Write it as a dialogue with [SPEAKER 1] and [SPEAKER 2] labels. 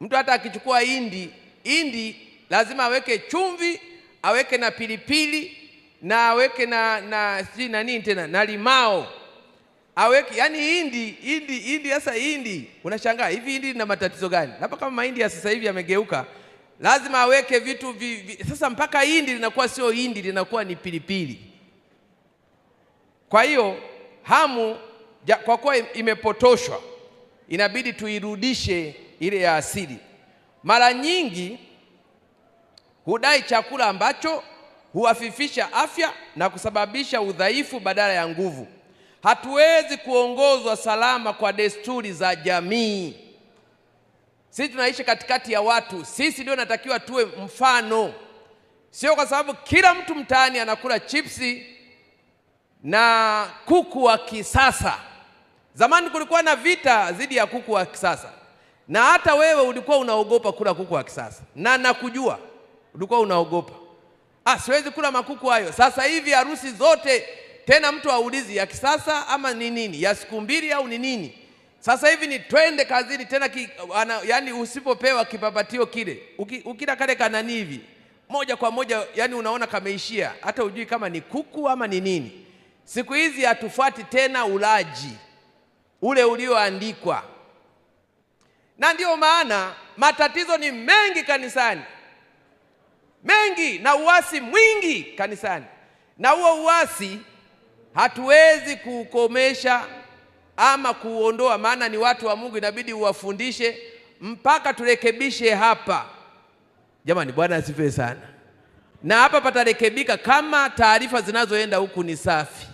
[SPEAKER 1] Mtu hata akichukua hindi, hindi lazima aweke chumvi, aweke na pilipili na aweke na na sijui na nini tena na limao aweke, yani hindi hindi hindi. Sasa hindi, unashangaa hivi hindi lina matatizo gani? Labda kama mahindi ya sasa hivi yamegeuka, lazima aweke vitu vi, vi. Sasa mpaka hindi linakuwa sio hindi, linakuwa ni pilipili. Kwa hiyo hamu ja, kwa kuwa imepotoshwa inabidi tuirudishe ile ya asili. Mara nyingi hudai chakula ambacho huafifisha afya na kusababisha udhaifu badala ya nguvu. Hatuwezi kuongozwa salama kwa desturi za jamii. Sisi tunaishi katikati ya watu, sisi ndio natakiwa tuwe mfano, sio kwa sababu kila mtu mtaani anakula chipsi na kuku wa kisasa. Zamani kulikuwa na vita dhidi ya kuku wa kisasa, na hata wewe ulikuwa unaogopa kula kuku wa kisasa, na nakujua ulikuwa unaogopa, ah, siwezi kula makuku hayo. Sasa hivi harusi zote tena mtu aulizi ya kisasa ama ni nini, ya siku mbili au ni nini? Sasa hivi ni twende kazini tena ki, ana, yani usipopewa kipapatio kile uki, ukila kale kanani hivi moja kwa moja, yani unaona kameishia, hata ujui kama ni kuku ama ni nini. Siku hizi hatufuati tena ulaji ule ulioandikwa na ndiyo maana matatizo ni mengi kanisani, mengi na uasi mwingi kanisani, na huo uasi hatuwezi kuukomesha ama kuuondoa, maana ni watu wa Mungu, inabidi uwafundishe mpaka turekebishe hapa. Jamani, Bwana asifiwe sana. Na hapa patarekebika kama taarifa zinazoenda huku ni safi.